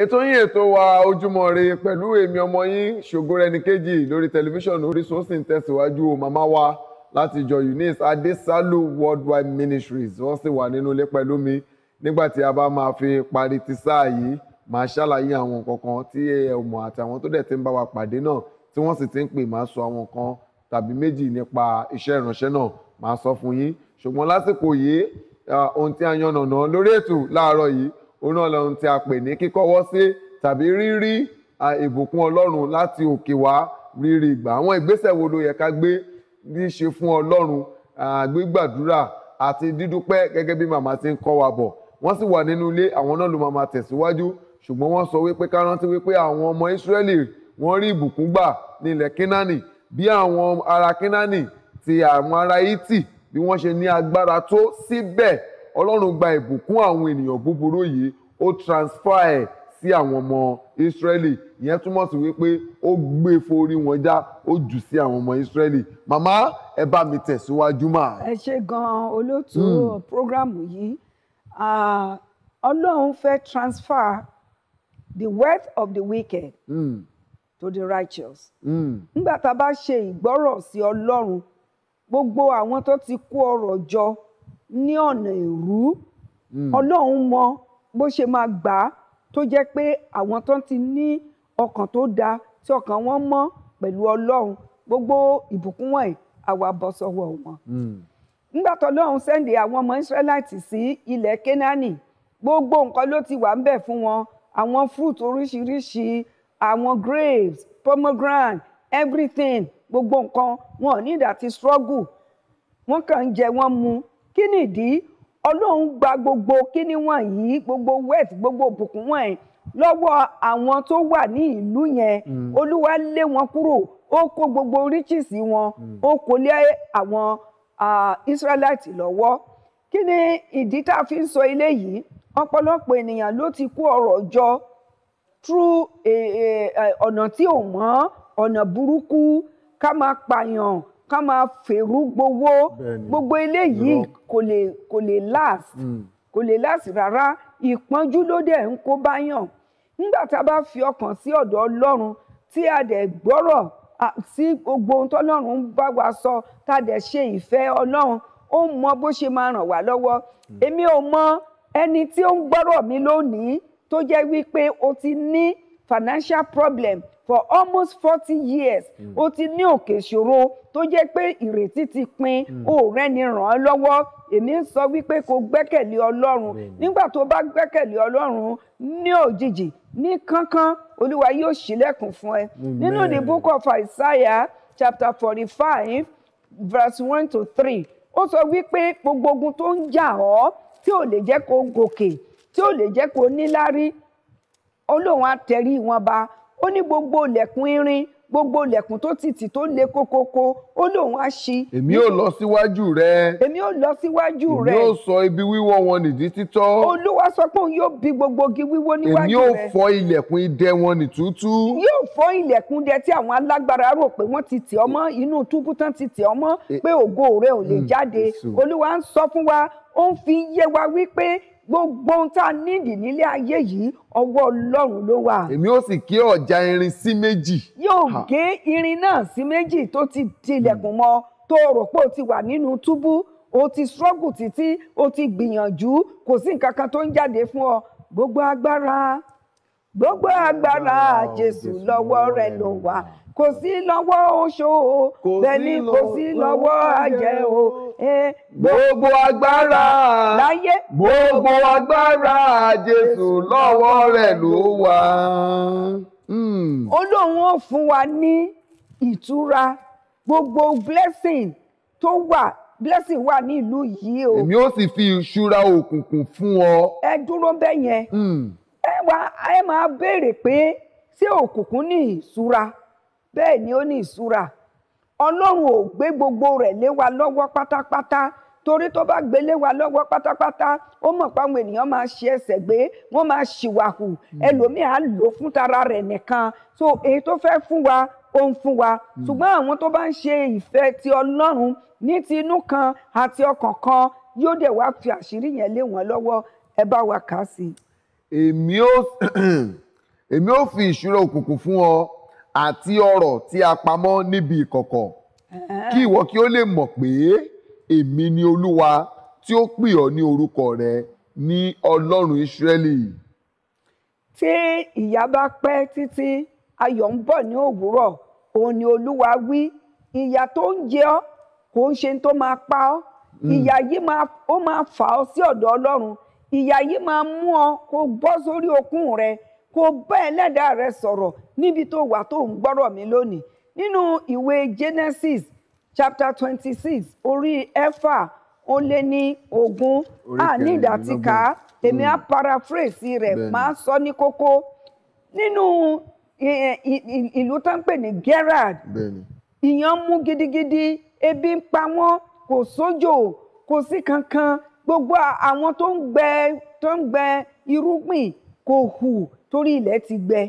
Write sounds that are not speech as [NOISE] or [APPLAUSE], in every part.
ètò yín ètò wa ojúmọ́ re pẹ̀lú èmi ọmọ yín Ṣògorẹ̀níkejì lórí tẹlifíṣàn Orísun sì ń tẹ̀síwájú màmá wa láti ìjọ Eunice Adesalu Worldwide Ministries wọ́n sì wà nínú ilé pẹ̀lú mi nígbà tí a bá máa fi parí ti sáà yìí màá ṣàlàyé àwọn nǹkan kan tí ẹ mọ̀ àti àwọn tó dẹ̀ ti ń bá wa pàdé náà tí wọ́n sì ti ń pè máa sọ àwọn kan tàbí méjì nípa iṣẹ́ ìránṣẹ́ náà máa sọ fún yín ṣùgbọ́n lásìkò yìí ohun tí a yànnàná lórí ètò láàárọ̀ yìí òun náà lọ́run tí a pè ní kíkọ́wọ́ sí tàbí rírí ìbùkún ọlọ́run láti òkè wá rírì gbà àwọn ìgbésẹ̀ wo ló yẹ ká gbé ní ṣe fún ọlọ́run gbígbàdúrà àti dídúpẹ́ gẹ́gẹ́ bí màmá ti ń kọ́ wa bọ̀ wọ́n sì wà nínú ilé àwọn náà ló máa ma tẹ̀síwájú ṣùgbọ́n wọ́n sọ wípé ká rántí wípé àwọn ọmọ Ísírẹ́lì wọ́n rí ìbùkún gbà ní ilẹ̀ bí àwọn ará Kínánì ti àwọn ará Hítì bí wọ́n ṣe ní agbára tó síbẹ̀ si ọlọ́run gba ìbùkún àwọn ènìyàn búburú yìí ó transfer ẹ̀ sí àwọn ọmọ Ísírẹ́lì ìyẹn túmọ̀ sí wípé ó gbé forí wọn já ó jù sí àwọn ọmọ Ísírẹ́lì màmá ẹ bá mi tẹ̀síwájú mà. ẹ ṣe gan-an olóòtú hmm. programu yìí ọlọ́run fẹ́ transfer the wealth of the wicked mm. to the righteous. Hmm. nígbà tá a bá ṣe ìgbọ́rọ̀ sí ọlọ́run gbogbo àwọn tó ti kó ọrọ̀ jọ ní ọ̀nà ìrú hmm. ọlọ́run mọ bó ṣe máa gbà á tó jẹ́ pé àwọn tó ti ní ọkàn tó da tí ọkàn wọn mọ́ pẹ̀lú ọlọ́run gbogbo ìbùkún wọ̀nyí àwa bọ́ sọ́wọ́ wọn. Hmm. nígbà tó lọ́run sẹ́ndẹ̀ àwọn ọmọ Ísírẹ́láìtì sí ilẹ̀ Kénáánì gbogbo nǹkan ló ti wà ń bẹ̀ fún wọn àwọn fruit oríṣiríṣi àwọn grapes pomegranate everything gbogbo nǹkan wọn ò ní ìdá ti struggle wọn kàn ń jẹ wọn mu kí nìdí ọlọ́run gba gbogbo kíní wọ̀nyí gbogbo wet gbogbo òbùkún wọ̀nyí lọ́wọ́ àwọn tó wà ní ìlú yẹn mm. olúwa lé wọn kúrò ó kó gbogbo riches wọn mm. ó kó lé àwọn Israelite lọ́wọ́ kí ni ìdí tá a fi ń sọ ilé yìí ọ̀pọ̀lọpọ̀ ènìyàn ló ti kó ọrọ̀ jọ through eh, eh, ọ̀nà tí ò mọ́ ọ̀nà burúkú ká máa pààyàn ká máa fèrú gbowó gbogbo eléyìí kò lè last mm. kò lè last rárá ìpọ́njú ló dẹ̀ ń kó báyàn nígbà tá a bá fi ọkàn sí ọ̀dọ̀ Ọlọ́run tí a dẹ̀ gbọ́rọ̀ sí gbogbo ohun tọ́lọ́run bá wa sọ tá a dẹ̀ ṣe ìfẹ́ Ọlọ́run ó mọ bó ṣe máa ràn wá lọ́wọ́ mm. èmi ò mọ ẹni tí ó ń gbọ́rọ̀ mi lónìí tó jẹ́ wípé o ti ní financial problem for almost forty years hmm. ó ti ní òkè ìṣòro tó jẹ́ pé ìrètí ti pin hmm. ó rẹ́ni ràn án lọ́wọ́ èmi ń sọ wípé kó gbẹ́kẹ̀lé ọlọ́run nígbà tó bá gbẹ́kẹ̀lé ọlọ́run ní òjijì ní kánkán olúwa yóò ṣílẹ̀kùn fún ẹ nínú the book of Isaiah chapter forty-five verse one to three ó sọ wípé gbogbo ogun tó ń jà ọ́ tí ò lè jẹ́ kó gòkè tí ò lè jẹ́ kó níláárí olóhùn àtẹ̀rí wọn ba ó ní gbogbo ilẹ̀kùn irin gbogbo ilẹ̀kùn tó tìtì tó le kókókó ó lóun á ṣí. èmi ò lọ síwájú rẹ. èmi ò lọ síwájú rẹ. èmi ò sọ ibi wíwọ́ wọn nìdí títọ́. olúwa sọ pé òun yóò bi gbogbo igi wíwó níwájú rẹ. èmi ò fọ́ ilẹ̀kùn idẹ wọn ní túútúú. yóò fọ́ ilẹ̀kùn dẹ tí àwọn alágbára rò pé wọ́n ti tì ọmọ inú túbú tán ti tì ọmọ eh, pé ògo rẹ ò lè hmm, jáde olúwa ń sọ fún wa ó ń fi yé wa wípé gbogbo ohun tá a nídìí nílé ayé yìí ọwọ́ ọlọ́run ló wà. èmi ó sì gé ọ̀já irin sí méjì. yóò gé irin náà sí méjì tó ti tilẹ̀kùn mọ́ tó rò pé o ti wà nínú túbú o ti struggle títí o ti gbìyànjú kò sí nǹkan kan tó ń jáde fún ọ gbogbo agbára gbogbo agbára Jésù lọ́wọ́ rẹ ló wà kò sí lọ́wọ́ oṣó o bẹ́ẹ̀ ni kò sí lọ́wọ́ àjẹ́ o. gbogbo agbára láyé gbogbo agbára Jésù lọ́wọ́ rẹ̀ ló wà. ó hmm. ó fún wa ní ìtura gbogbo blessing tó wà blessing wà ní ìlú yìí o. èmi ó sì fi ìṣúra òkùnkùn fún ọ. ẹ dúró bẹ́ẹ̀ yẹn hmm. ẹ wá ẹ máa béèrè pé ṣé òkùnkùn ní ìṣúra bẹ́ẹ̀ ni ó ní ìṣúra ọlọ́run ò gbé gbogbo rẹ̀ lé wa lọ́wọ́ pátápátá torí tó bá gbé lé wa lọ́wọ́ pátápátá ó mọ̀ pé àwọn ènìyàn máa ṣe ẹsẹ̀ gbé wọ́n máa ṣìwàhù hmm. ẹlòmíì á lò fún tara rẹ̀ nìkan so èyí tó fẹ́ fún wa ó ń fún wa hmm. ṣùgbọ́n àwọn tó bá ń ṣe ìfẹ́ ti ọlọ́run ní ti inú kan àti ọkàn kan yóò dẹ̀ wá fi àṣírí yẹn lé wọn lọ́wọ́ ẹ bá wa kà á sí. èmi ò [CLEARS THROAT] fi ìṣúra òkùnkùn fún ọ àti ọrọ̀ tí a pamọ́ níbi ìkọ̀kọ̀ kí ìwọ kí ó lè mọ̀ pé èmi ni olúwa tí ó pè ọ́ ní orúkọ rẹ ní ọlọ́run ìsírẹ́lì. tí ìyà bá pẹ́ títí ayọ̀ ń bọ̀ ní òwúrọ̀ òun ni olúwa wí ìyà tó ń jẹ ọ́ kò ń ṣe tó máa pa ọ́ hmm. ìyà yìí ó máa fà ọ́ sí ọ̀dọ̀ ọlọ́run ìyà yìí máa mú ọ kó gbọ́ sórí okùn rẹ kó bá ẹlẹ́dàá rẹ sọ̀rọ̀ níbi tó wà tó ń gbọ́rọ̀ mi lónìí nínú ìwé Genesis chapter twenty six orí ẹ̀fà ó lé ní ogún àní ìdàtíkà èmi á hmm. paraphrase rẹ̀ máa sọ ní kókó nínú ìlú tó ń pè ní Gerard ìyàn mú gidigidi ebi ń pa wọ́n kò sójò kò sí kankan gbogbo àwọn tó ń gbẹ irúgbìn kò hù torí ilẹ̀ ti gbẹ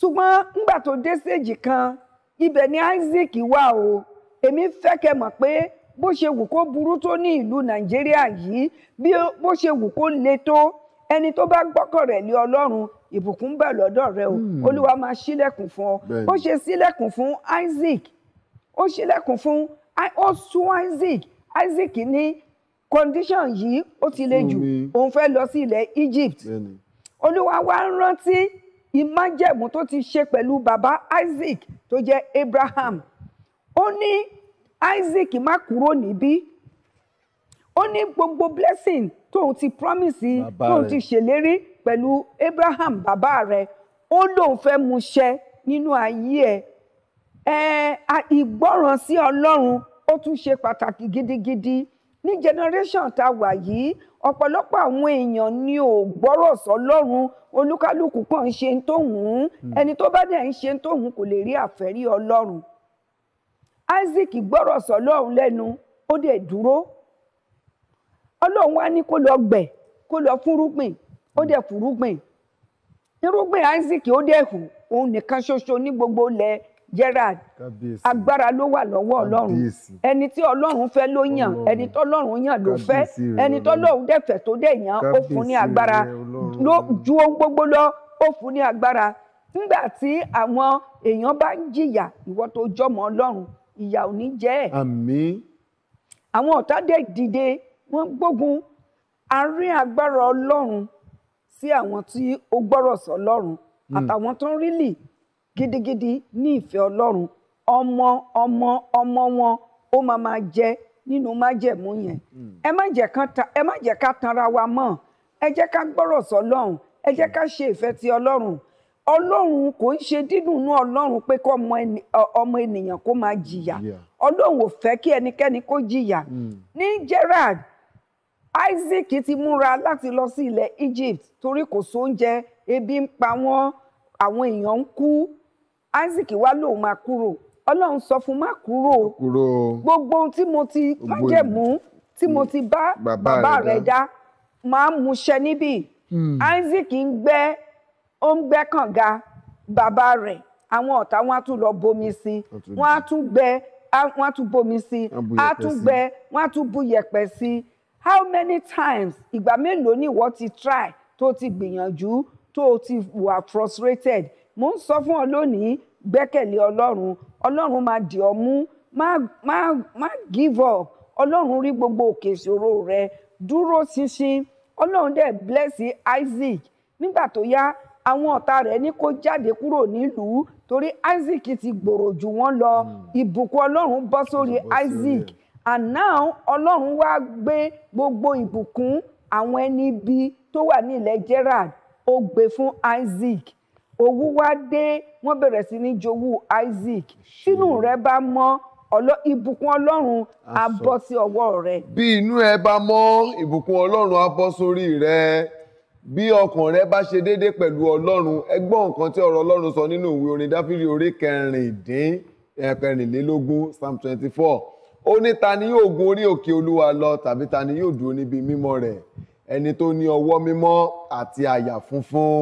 ṣùgbọ́n ńgbà tó dé séèjì kan ibẹ̀ ni Isaac wà o èmi fẹ́ kẹ́ mọ̀ pé bó ṣe wù kó burú tó ní ìlú Nàìjíríà yìí bí bó ṣe wù kó le tó ẹni tó bá gbọ́kàn rẹ̀ lé Ọlọ́run ìbùkún bẹ̀ lọ́dọ̀ rẹ o hmm. Olúwa máa ṣílẹ̀kùn fún ọ ó ṣe ṣílẹ̀kùn fún Isaac ó ṣílẹ̀kùn fún ó sún Isaac Isaac ní condition yìí ó ti le jù òun fẹ́ lọ sí ilẹ̀ Egypt. Bene olúwa wa ń rántí ìmájẹ̀mú tó ti ṣe pẹ̀lú bàbá isaac tó jẹ́ abraham ó ní isaac má kúrò níbí ó ní gbogbo blessing tóun ti promise tóun ti ṣèlérí pẹ̀lú abraham bàbá rẹ̀ ó lóun fẹ́ mú ṣẹ nínú ayé ẹ̀ ẹ̀ ìgbọràn sí ọlọ́run ó tún ṣe pàtàkì gidigidi ní generation tá a wà yìí ọ̀pọ̀lọpọ̀ àwọn èèyàn ni ò gbọ́rọ̀ sọ́lọ́run olúkálùkù kàn ń ṣe ń tóhùn hmm. ẹni tó bá dẹ̀ ń ṣe ń tóhùn kò lè rí àfẹ́rí ọlọ́run Isaac gbọ́rọ̀ sọ́lọ́run lẹ́nu ó dẹ̀ dúró ọlọ́run wá ní kó lọ gbẹ̀ kó lọ fúnrúgbìn ó dẹ̀ fúnrúgbìn irúgbìn Isaac ó dẹ̀ hù òun nìkan ṣoṣo ní gbogbo ilẹ̀ Gerard agbára ló wà lọ́wọ́ ọlọ́run ẹni tí ọlọ́run fẹ́ ló yàn ẹni tọ́lọ́run yàn ló fẹ́ ẹni tọ́lọ́run dẹ̀fẹ̀ tó dẹ̀ yàn ó fún ní agbára ló ju ohun gbogbo lọ ó fún ní agbára nígbà tí àwọn èèyàn bá ń jìyà ìwọ tó jọmọ ọlọ́run ìyà ò ní jẹ ẹ́ àwọn ọ̀tá dẹ̀ dìde wọ́n gbógun àárín agbára ọlọ́run sí àwọn tí ó gbọ́rọ̀ sọ́lọ́run hmm. àtàwọn tó ń rí lì gidigidi ní ìfẹ́ ọlọ́run ọmọ ọmọ ọmọ wọn ó máa máa jẹ nínú májẹ̀mú yẹn hmm. ẹ má jẹ́ ká tanra wa mọ́ ẹ jẹ́ ká gbọ́rọ̀ sọ́lọ́run ẹ jẹ́ hmm. ká ṣe ìfẹ́ ti ọlọ́run ọlọ́run kò ń ṣe dídùn inú ọlọ́run pé kó ọmọ ènìyàn kó máa jìyà ọlọ́run ò fẹ́ kí ẹnikẹ́ni kó jìyà hmm. ní Gerard Isaac ti múra láti lọ sí ilẹ̀ Egypt torí kò sóúnjẹ ebi ń pa wọ́n àwọn èèyàn ń kú Isaac wá lòun máa kúrò ọlọ́run sọ fún má kúrò gbogbo ohun tí mo ti májẹ̀mú tí mo ti bá bàbá rẹ̀ dá máa ń muṣẹ níbí hmm. Isaac ń gbẹ́ ó ń gbẹ́ kànga bàbá rẹ̀ àwọn ọ̀tá wọn á tún lọ bomi sí wọn á tún gbẹ́ wọn á tún bomi sí á tún gbẹ́ wọn á tún bu yẹ̀pẹ̀ sí how many times ìgbà mélòó ni ìwọ ti try tó ti gbìyànjú tó ti wà frustrated mo ń sọ fún ọ lónìí gbẹ́kẹ̀lé ọlọ́run ọlọ́run máa dì ọ mú má give up ọlọ́run rí gbogbo òkè ìṣòro rẹ dúró ṣinṣin ọlọ́run dẹ̀ bless Isaac nígbà tó yá àwọn ọ̀tá rẹ̀ ní kó jáde kúrò nílùú torí Isaac ti gbòòrò jù wọ́n lọ hmm. ìbùkún ọlọ́run bọ́ sórí Isaac and now ọlọ́run wá gbé gbogbo ìbùkún àwọn ẹni ibi tó wà ní ilẹ̀ Gerard ó gbé fún Isaac owú wá dé wọ́n bẹ̀rẹ̀ sí ní jowú Isaac tínú rẹ bá mọ́ ìbùkún ọlọ́run á bọ́ sí ọwọ́ rẹ. bí inú ẹ bá mọ́ ìbùkún ọlọ́run á bọ́ sórí rẹ bí ọkàn rẹ bá ṣe déédéé pẹ̀lú ọlọ́run ẹ gbọ́ nǹkan tí ọ̀rọ̀ ọlọ́run sọ nínú ìwé orin dáfírí orí kẹrìndín psalm twenty four ó ní ta ni yóò gun orí òkè olúwa lọ tàbí ta ni yóò dúró níbi mímọ́ rẹ̀ ẹni tó ní ọwọ́ mímọ́ àti àyà funfun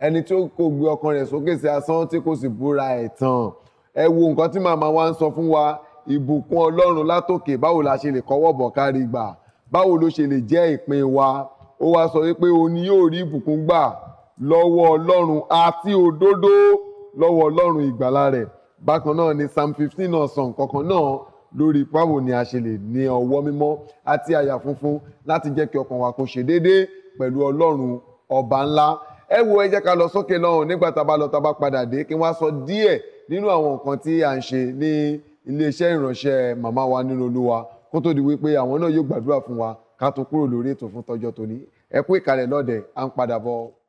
ẹni tí ó kò gbé ọkàn rẹ̀ sókè sí asán tí kò sì búra ẹ̀tàn ẹ wo nǹkan tí màmá wa ń sọ fún wa ìbùkún ọlọ́run látòkè báwo la ṣe lè kọ́wọ́ bọ̀ kárí gbà báwo ló ṣe lè jẹ́ ìpín wa ó wá sọ wípé òun ni yóò rí ìbùkún gbà lọ́wọ́ ọlọ́run àti òdodo lọ́wọ́ ọlọ́run ìgbàlà rẹ̀ bákan náà ni psalm fifteen náà sàn kankan náà lórí báwo ni a ṣe lè ní ọwọ́ mímọ́ àti àyà funfun láti jẹ́ kí ọkàn wa kó ṣe déédéé pẹ̀lú ọlọ́run ọba ńlá ẹ wo ẹ jẹ́ ká lọ sókè lọ́hùn nígbà tá a bá lọ tá a bá padà dé kí wọ́n á sọ díẹ̀ nínú àwọn nǹkan tí à ń ṣe ní iléeṣẹ́ ìránṣẹ́ màmá wa nínú olúwa kó tó di wípé àwọn náà yóò gbàdúrà fún wa ká tó kúrò lórí ètò fún tọjọ́ tòní ẹ kú ìkàlẹ̀ lọ́dẹ̀ à ń padà bọ̀.